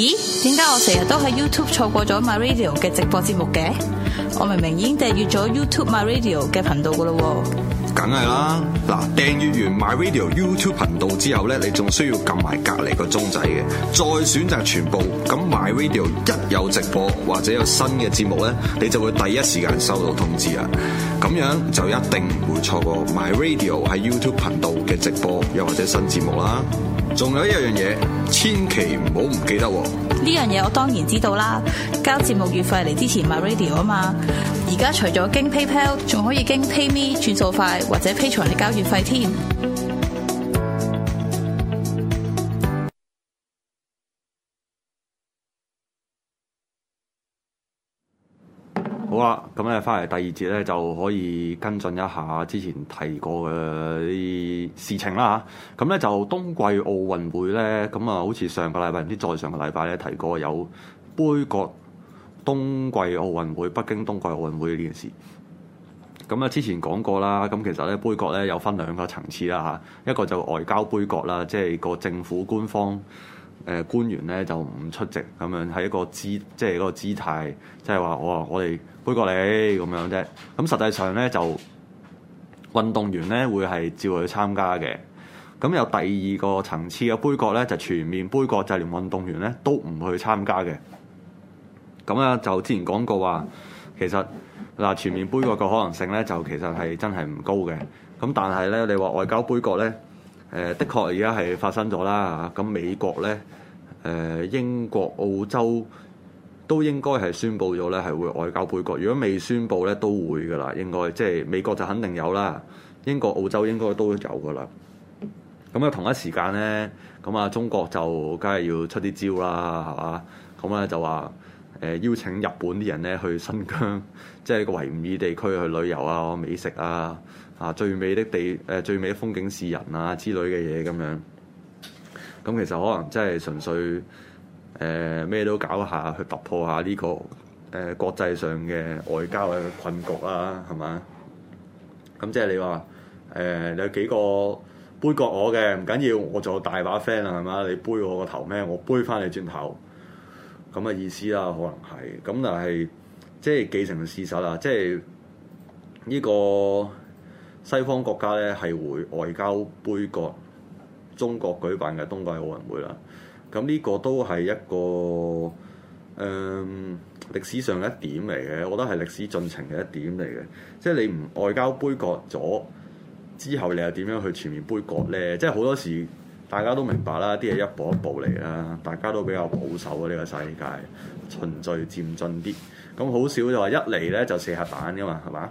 咦，點解我成日都喺 YouTube 錯過咗 My Radio 嘅直播節目嘅？我明明已經訂閱咗 YouTube My Radio 嘅頻道噶啦喎。梗係啦，嗱，訂閱完 My Radio YouTube 頻道之後咧，你仲需要撳埋隔籬個鐘仔嘅，再選擇全部，咁 My Radio 一有直播或者有新嘅節目咧，你就會第一時間收到通知啦！咁樣就一定唔會錯過 My Radio 喺 YouTube 頻道嘅直播又或者新節目啦。仲有一樣嘢，千祈唔好唔記得喎！呢樣嘢我當然知道啦，交節目月費嚟支持 MyRadio 啊嘛！而家除咗經 PayPal，仲可以經 PayMe 轉數快，或者 Patreon 嚟交月費添。咁咧，翻嚟第二節咧就可以跟進一下之前提過嘅啲事情啦嚇。咁、嗯、咧就冬季奧運會咧，咁、嗯、啊，好似上個禮拜唔知再上個禮拜咧提過有杯葛冬季奧運會、北京冬季奧運會呢件事。咁、嗯、啊，之前講過啦，咁、嗯、其實咧杯葛咧有分兩個層次啦嚇，一個就外交杯葛啦，即係個政府官方。誒、呃、官員咧就唔出席咁樣，係一個姿即係嗰個姿態，即係話我話我哋杯葛你咁樣啫。咁、嗯、實際上咧就運動員咧會係照去參加嘅。咁、嗯、有第二個層次嘅杯葛咧，就全面杯葛，就連運動員咧都唔去參加嘅。咁、嗯、咧就之前講過話，其實嗱、呃、全面杯葛嘅可能性咧，就其實係真係唔高嘅。咁、嗯、但係咧，你話外交杯葛咧？呃、的確而家係發生咗啦，咁美國呢，誒、呃、英國、澳洲都應該係宣布咗呢係會外交杯葛。如果未宣布呢，都會噶啦，應該即係美國就肯定有啦，英國、澳洲應該都有噶啦。咁啊，同一時間呢，咁啊，中國就梗係要出啲招啦，係嘛？咁咧就話。誒邀請日本啲人咧去新疆，即係個維吾爾地區去旅遊啊、美食啊、啊最美的地、誒最美的風景示人啊之類嘅嘢咁樣。咁、嗯、其實可能真係純粹誒咩、呃、都搞下去，去突破下呢、這個誒、呃、國際上嘅外交嘅困局啦、啊，係嘛？咁即係你話、呃、你有幾個杯葛我嘅唔緊要，我做大把 friend 啦，係嘛？你杯我個頭咩？我杯翻你轉頭。咁嘅意思啦，可能係咁，但係即係既成事實啦，即係呢、這個西方國家咧係會外交杯葛中國舉辦嘅冬季奧運會啦。咁、這、呢個都係一個誒歷、呃、史上嘅一點嚟嘅，我覺得係歷史進程嘅一點嚟嘅。即係你唔外交杯葛咗之後，你又點樣去全面杯葛咧？即係好多時。大家都明白啦，啲嘢一步一步嚟啦。大家都比較保守啊，呢、這個世界循序漸進啲。咁好少就話、是、一嚟咧就射核彈噶嘛，係嘛？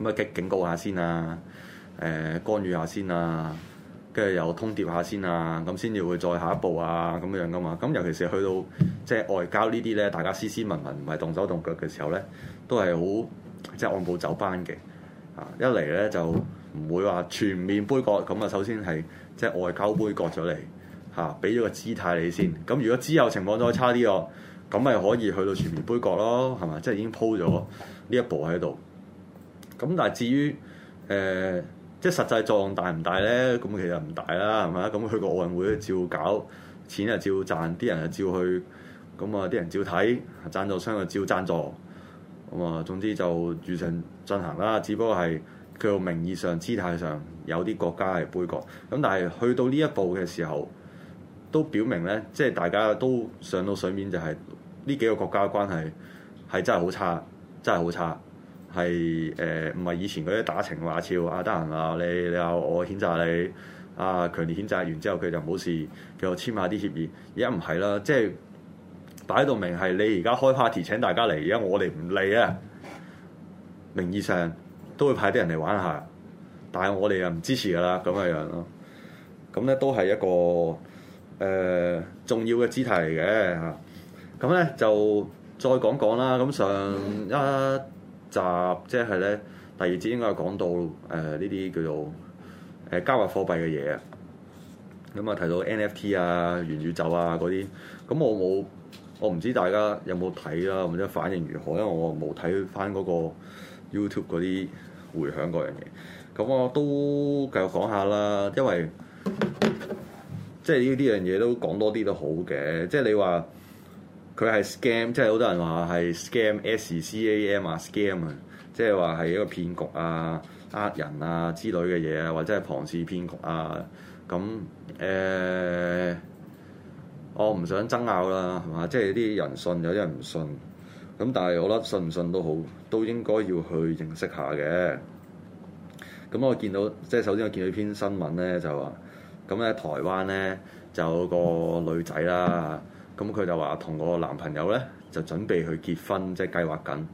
咁啊激警告下先啊，誒、呃、干預下先啊，跟住又通牒下先啊，咁先至會再下一步啊，咁樣噶嘛。咁尤其是去到即係、就是、外交呢啲咧，大家斯斯文文唔係動手動腳嘅時候咧，都係好即係按部就班嘅。啊，一嚟咧就。唔會話全面杯葛咁啊！首先係即外交杯葛咗你嚇，俾咗個姿態你先。咁如果之後情況再差啲哦，咁咪可以去到全面杯葛咯，係咪？即係已經鋪咗呢一步喺度。咁但係至於誒、呃，即實際作用大唔大咧？咁其實唔大啦，係咪？咁去個奧運會照搞，錢又照賺，啲人又照，照去，咁啊啲人照睇，贊助商又照，照贊助。咁啊，總之就預成進行啦，只不過係。佢嘅名義上、姿態上，有啲國家係杯葛，咁但係去到呢一步嘅時候，都表明咧，即係大家都上到水面、就是，就係呢幾個國家嘅關係係真係好差，真係好差，係誒唔係以前嗰啲打情罵俏啊，得閒啊，你你話我譴責你啊，強烈譴責完之後佢就冇事，叫我簽下啲協議，而家唔係啦，即係擺到明係你而家開 party 請大家嚟，而家我哋唔嚟啊，名義上。都會派啲人嚟玩下，但係我哋又唔支持㗎啦，咁嘅樣咯。咁咧都係一個誒、呃、重要嘅姿態嚟嘅嚇。咁咧就再講講啦。咁上一集即係咧第二節應該係講到誒呢啲叫做誒加密貨幣嘅嘢啊。咁啊提到 NFT 啊、元宇宙啊嗰啲，咁我冇，我唔知大家有冇睇啦，或者反應如何，因為我冇睇翻嗰個 YouTube 嗰啲。回響嗰樣嘢，咁我都繼續講下啦。因為即係呢啲樣嘢都講多啲都好嘅。即係你話佢係 scam，即係好多人話係 scam，s c a m 啊，scam 啊，即係話係一個騙局啊、呃人啊之類嘅嘢啊，或者係龐氏騙局啊。咁誒、呃，我唔想爭拗啦，係嘛？即係啲人信，有啲人唔信。咁但係我覺得信唔信都好，都應該要去認識下嘅。咁我見到即係首先我見到一篇新聞咧，就話咁咧，台灣咧就有個女仔啦，咁佢就話同個男朋友咧就準備去結婚，即係計劃緊。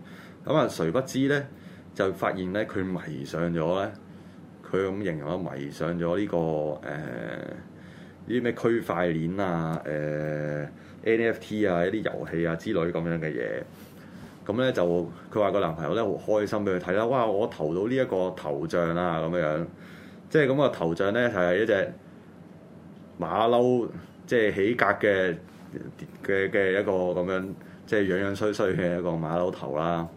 咁啊，誰不知咧就發現咧佢迷上咗咧，佢咁形容啦迷上咗呢個誒呢啲咩區塊鏈啊、誒、呃、NFT 啊、一啲遊戲啊之類咁樣嘅嘢。咁咧就佢話個男朋友咧好開心俾佢睇啦，哇！我投到呢一個頭像啦，咁樣樣，即係咁個頭像咧係、就係、一隻馬騮，即係起格嘅嘅嘅一個咁樣，即係樣樣衰衰嘅一個馬騮頭啦。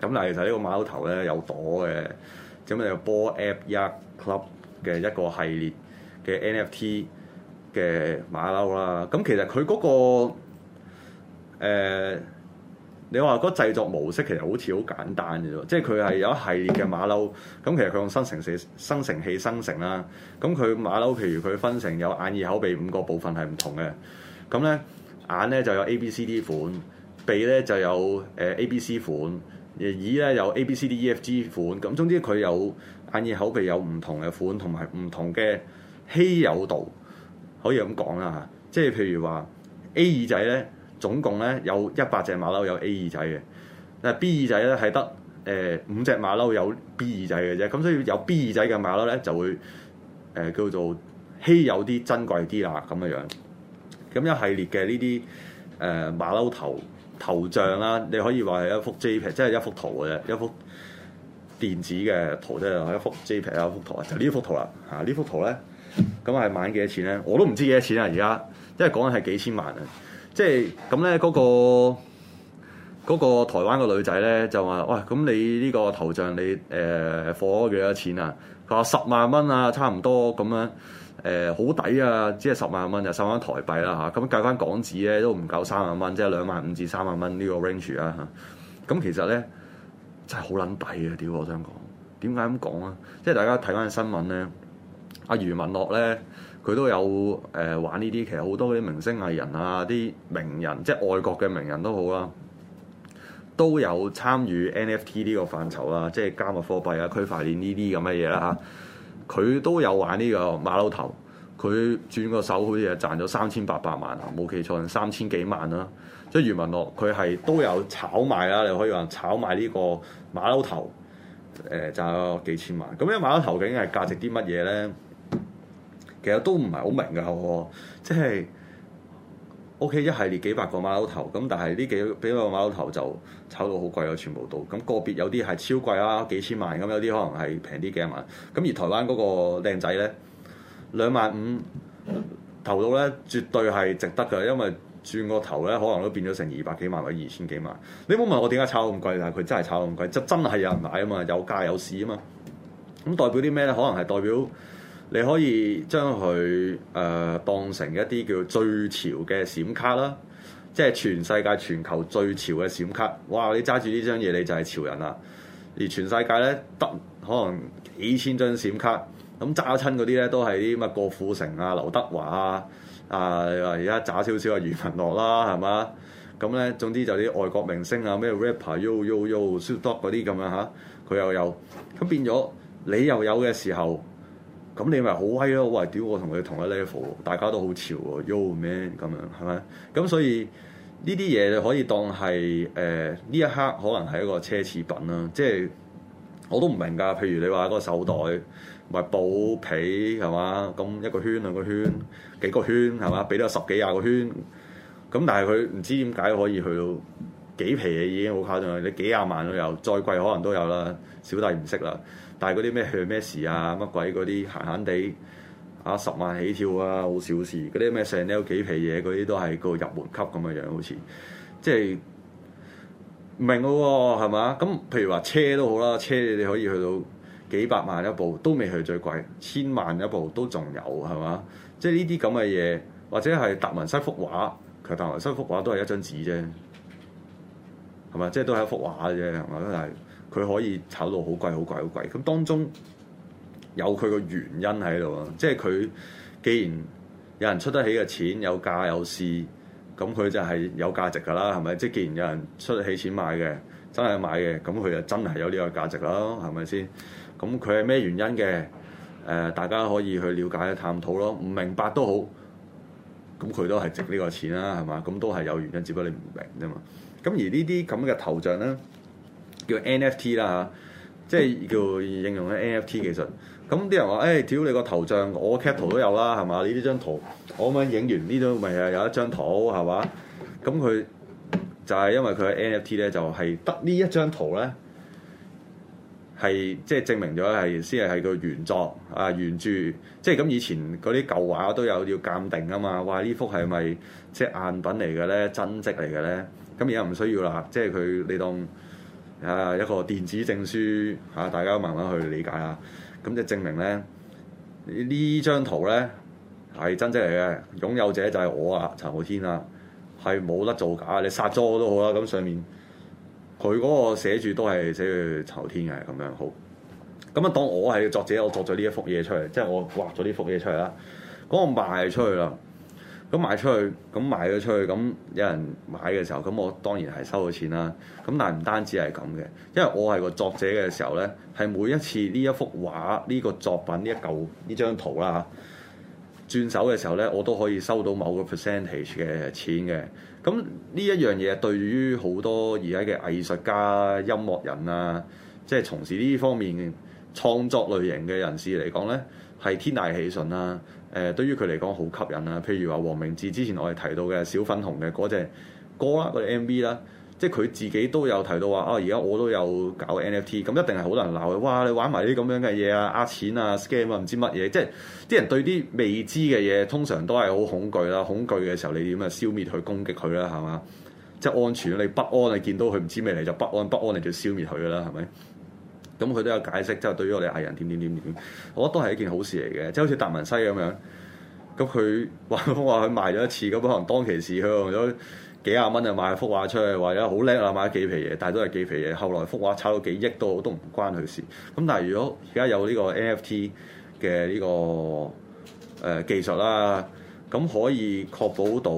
咁嗱，其實個呢個馬騮頭咧有朵嘅，咁就 Bored Ape Yacht Club 嘅一個系列嘅 NFT 嘅馬騮啦。咁其實佢嗰、嗰個、呃你話個製作模式其實好似好簡單嘅啫，即係佢係有一系列嘅馬騮，咁其實佢用生成器生成、生成器生成啦。咁佢馬騮，譬如佢分成有眼、耳、口、鼻五個部分係唔同嘅。咁咧眼咧就有 A、B、C、D 款，鼻咧就有誒 A、B、C 款，耳咧有 A、B、C、D、E、F、G 款。咁總之佢有眼、耳、口、鼻有唔同嘅款，同埋唔同嘅稀有度，可以咁講啦嚇。即係譬如話 A 耳仔咧。總共咧有一百隻馬騮有 A 二仔嘅，但係 B 二仔咧係得誒五隻馬騮有 B 二仔嘅啫。咁所以有 B 二仔嘅馬騮咧就會誒叫做稀有啲、珍貴啲啦。咁樣樣咁一系列嘅呢啲誒馬騮頭頭像啦、啊，你可以話係一幅 JPEG，即係一幅圖嘅啫，一幅電子嘅圖啫，即係、一幅 JPEG 一幅圖就呢、一、幅圖啦。嚇、啊、呢幅圖咧，咁係買幾多錢咧？我都唔知幾多錢啊！而家即係講緊係幾千萬啊。即係咁咧，嗰、那個那個台灣嘅女仔咧就話：哇！咁你呢個頭像你誒火咗幾多錢啊？佢話十萬蚊啊，差唔多咁樣誒，好、呃、抵啊！即係十萬蚊，就收、是、萬台幣啦、啊、嚇。咁、啊、計翻港紙咧都唔夠三萬蚊，即係兩萬五至三萬蚊呢個 range 啊嚇。咁、啊、其實咧真係好撚抵嘅，屌、就是、我想講，點解咁講啊？即係大家睇翻新聞咧，阿余文樂咧。佢都有誒、呃、玩呢啲，其實好多啲明星藝人啊、啲名人，即係外國嘅名人都好啦，都有參與 NFT 呢個範疇啦、啊，即係加密貨幣啊、區塊鏈呢啲咁嘅嘢啦嚇。佢、啊、都有玩呢、個馬騮頭，佢轉個手好似係賺咗、啊、三千八百萬啊，冇記錯三千幾萬啦。即係余文樂，佢係都有炒賣啦，你可以話炒賣呢個馬騮頭，誒、呃、賺咗幾千萬。咁呢馬騮頭究竟係價值啲乜嘢咧？其實都唔係好明㗎，我即係 OK 一系列幾百個馬騮頭，咁但係呢幾幾個馬騮頭就炒到好貴啊，全部都咁個別有啲係超貴啊，幾千萬咁，有啲可能係平啲幾萬。咁而台灣嗰個靚仔咧，兩萬五投到咧，絕對係值得㗎，因為轉個頭咧，可能都變咗成二百幾萬或者二千幾萬。你冇問我點解炒咁貴，但係佢真係炒咁貴，就真係有人買啊嘛，有價有市啊嘛。咁代表啲咩咧？可能係代表。你可以將佢誒、呃、當成一啲叫最潮嘅閃卡啦，即係全世界全球最潮嘅閃卡。哇！你揸住呢張嘢你就係潮人啦。而全世界咧，得可能幾千張閃卡，咁揸親嗰啲咧都係啲乜郭富城啊、劉德華啊啊，而家渣少少啊，余文樂啦、啊，係嘛？咁、嗯、咧總之就啲外國明星啊，咩 rapper、Yo、Yo、Yo、Shoo Dog 嗰啲咁啊嚇，佢又有咁變咗你又有嘅時候。咁你咪好威咯？喂，屌我同佢同一 level，大家都好潮喎，Yo man 咁樣，係咪？咁所以呢啲嘢可以當係誒呢一刻可能係一個奢侈品啦。即係我都唔明㗎。譬如你話嗰個手袋、咪、就係、布皮係嘛？咁一個圈兩個圈幾個圈係嘛？俾咗十幾廿個圈，咁但係佢唔知點解可以去到幾皮嘢已經好誇張啦！你幾廿萬都有，再貴可能都有啦，小弟唔識啦。但嗰啲咩去咩事啊，乜鬼嗰啲閒閒地，啊十萬起跳啊，好小事。嗰啲咩成有幾皮嘢，嗰啲都係個入門級咁嘅樣，好似即係唔明咯喎、哦，係嘛？咁譬如話車都好啦，車你哋可以去到幾百萬一部，都未去，最貴，千萬一部都仲有係嘛？即係呢啲咁嘅嘢，或者係達文西幅畫，其實達文西幅畫都係一張紙啫，係嘛？即係都係一幅畫啫，係嘛？但係。佢可以炒到好貴、貴、貴、好貴、好貴，咁當中有佢個原因喺度啊！即係佢既然有人出得起嘅錢，有價有市，咁佢就係有價值㗎啦，係咪？即係既然有人出得起錢買嘅，真係買嘅，咁佢就真係有呢個價值啦，係咪先？咁佢係咩原因嘅？誒、呃，大家可以去了解、探討咯，唔明白都好，咁佢都係值呢個錢啦，係嘛？咁都係有原因，只不過你唔明啫嘛。咁而呢啲咁嘅頭像咧。叫 NFT 啦、啊、嚇，即係叫應用 NFT 技術。咁、嗯、啲人話，誒、哎，屌你個頭像，我 cap 圖都有啦，係嘛？你呢張圖，我咁樣影完呢張，咪係有一張圖係嘛？咁佢就係、是、因為佢嘅 NFT 咧，就係、是、得呢一張圖咧，係即係證明咗係先係係個原作啊原著。即係咁以前嗰啲舊畫都有要鑑定啊嘛。話，呢幅係咪即係贗品嚟嘅咧？真跡嚟嘅咧？咁而家唔需要啦，即係佢你當。啊！一個電子證書嚇，大家慢慢去理解啦。咁就係證明咧，呢張圖咧係真正嚟嘅，擁有者就係我啊，陳浩天啊，係冇得造假。你殺咗我都好啦。咁上面佢嗰個寫住都係寫住陳浩天嘅咁樣好。咁啊，當我係作者，我作咗呢一幅嘢出嚟，即係我畫咗呢幅嘢出嚟啦。嗰個賣出去啦。咁賣出去，咁賣咗出去，咁有人買嘅時候，咁我當然係收咗錢啦。咁但係唔單止係咁嘅，因為我係個作者嘅時候呢，係每一次呢一幅畫、呢、呢個作品、呢、呢個、一嚿呢張圖啦、啊，轉手嘅時候呢，我都可以收到某個 percentage 嘅錢嘅。咁呢一樣嘢對於好多而家嘅藝術家、音樂人啊，即、就、係、係、從事呢方面創作類型嘅人士嚟講呢。係天大喜訊啦，誒對於佢嚟講好吸引啦。譬如話黃明志之前我哋提到嘅小粉紅嘅嗰隻歌啦、嗰啲 MV 啦，即係佢自己都有提到話，啊而家我都有搞 NFT，咁一定係好多人鬧佢。哇！你玩埋啲咁樣嘅嘢啊，呃錢啊、scam 啊、唔知乜嘢，即係啲人對啲未知嘅嘢通常都係好恐懼啦。恐懼嘅時候你點啊？消滅佢、攻擊佢啦，係嘛？即係安全你不安，你見到佢唔知未嚟就不安，不安你就消滅佢啦，係咪？咁佢都有解釋，即係對於我哋藝人點點點點，我覺得都係一件好事嚟嘅，即係好似達文西咁樣。咁佢話：我話佢賣咗一次，咁可能當其時佢用咗幾廿蚊就賣幅畫出去，或者好叻啊，賣幾皮嘢，但係都係幾皮嘢。後來幅畫炒到幾億都好，都唔關佢事。咁但係如果而家有呢個 NFT 嘅呢個誒技術啦，咁可以確保到，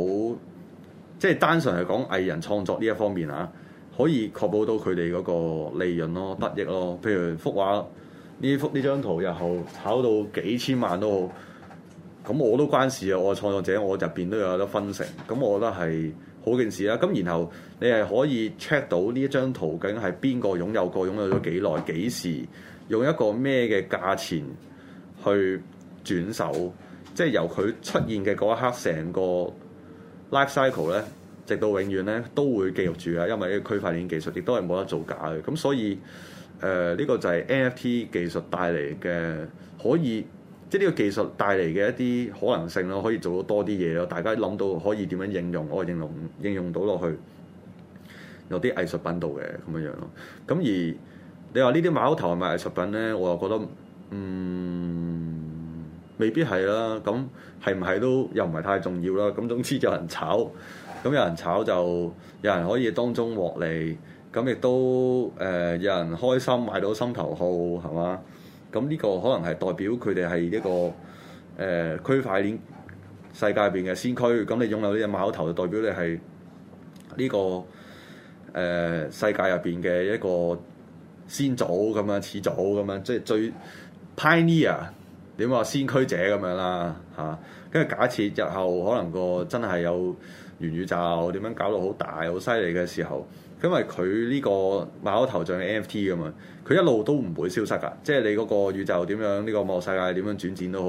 即係單純係講藝人創作呢一方面嚇。可以確保到佢哋嗰個利潤咯、得益咯。譬如幅畫呢幅呢張圖，然後炒到幾千萬都好，咁我都關事啊！我創作者我入邊都有得分成，咁我覺得係好件事啦。咁然後你係可以 check 到呢一張圖究竟係邊個擁有過、個擁有咗幾耐、幾時用一個咩嘅價錢去轉手，即係由佢出現嘅嗰一刻，成個 life cycle 咧。直到永遠咧，都會記錄住啊，因為呢個區塊鏈技術亦都係冇得造假嘅。咁所以誒，呢、呃呢個就係 NFT 技術帶嚟嘅可以，即係呢個技術帶嚟嘅一啲可能性咯，可以做到多啲嘢咯。大家諗到可以點樣應用，我認為應用應用到落去有啲藝術品度嘅咁樣樣咯。咁而你話呢啲馬騮頭係咪藝術品咧？我又覺得嗯未必係啦。咁係唔係都又唔係太重要啦。咁總之有人炒。咁有人炒就有人可以當中獲利，咁亦都誒、呃、有人開心買到心頭好係嘛？咁呢個可能係代表佢哋係一個誒、呃、區塊鏈世界入邊嘅先驅，咁你擁有呢隻馬騮頭就代表你係呢、這個誒、呃、世界入邊嘅一個先祖咁樣，始祖咁樣，即係最 pioneer 點話先驅者咁樣啦嚇。跟住假設日後可能個真係有元宇宙點樣搞到好大好犀利嘅時候，因為佢呢個馬騮頭像 NFT 咁嘛，佢一路都唔會消失㗎。即係你嗰個宇宙點樣，呢個網絡世界點樣轉戰都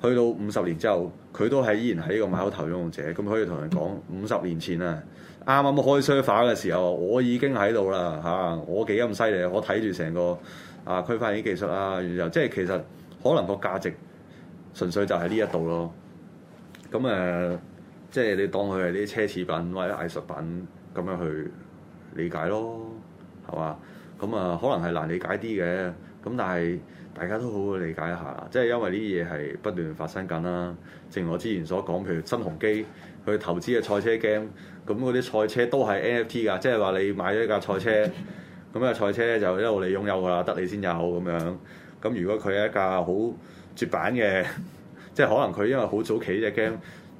好，去到五十年之後，佢都係依然喺呢個馬騮頭像用者。咁可以同人講，五十年前啊，啱啱開 server 啊嘅時候，我已經喺度啦嚇，我幾咁犀利我睇住成個啊區塊鏈技術啊，即係其實可能個價值純粹就喺呢一度咯。咁誒、呃即係你當佢係啲奢侈品或者藝術品咁樣去理解咯，係嘛？咁啊，可能係難理解啲嘅。咁但係大家都好好理解一下，即係因為呢啲嘢係不斷發生緊啦。正如我之前所講，譬如新鴻基佢投資嘅賽車 game，咁嗰啲賽車都係 NFT 㗎，即係話你買咗一架賽車，咁啊賽車就一路你擁有㗎啦，得你先有咁樣。咁如果佢係一架好絕版嘅，即係可能佢因為好早期嘅 game。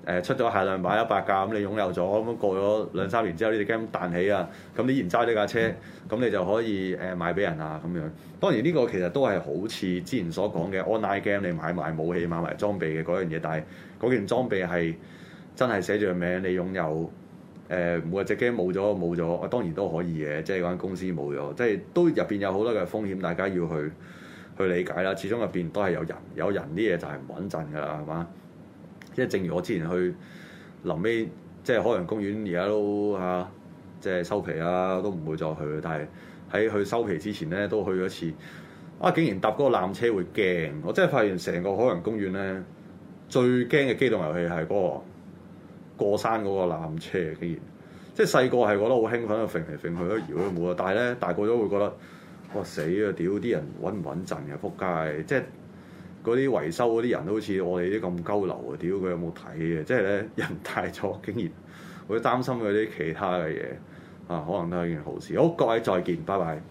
誒出咗限量版一百架，咁你擁有咗，咁過咗兩三年之後，呢隻 game 彈起啊，咁你依然揸呢架車，咁你就可以誒賣俾人啊，咁樣。當然呢個其實都係好似之前所講嘅 online game，你買埋武器買埋裝備嘅嗰樣嘢，但係嗰件裝備係真係寫住個名，你擁有。誒、呃，每隻隻 game 冇咗冇咗，我當然都可以嘅，即係間公司冇咗，即係都入邊有好多嘅風險，大家要去去理解啦。始終入邊都係有人，有人啲嘢就係唔穩陣㗎啦，係嘛？即係正如我之前去臨尾，即係海洋公園而家都嚇、啊、即係收皮啦，都唔會再去。但係喺佢收皮之前咧，都去咗一次。啊，竟然搭嗰個纜車會驚！我真係發現成個海洋公園咧，最驚嘅機動遊戲係嗰、嗰個過山嗰個纜車。竟然即係細個係覺得好興奮，揈嚟揈去，一搖都冇啊！但係咧大個咗會覺得哇死啊！屌啲人穩唔穩陣嘅，撲街！即係。嗰啲維修嗰啲人都好似我哋啲咁鳩流啊！屌佢有冇睇嘅？即係咧人大咗，竟然會擔心佢啲其他嘅嘢啊，可能都係一件好事。好，各位再見，拜拜。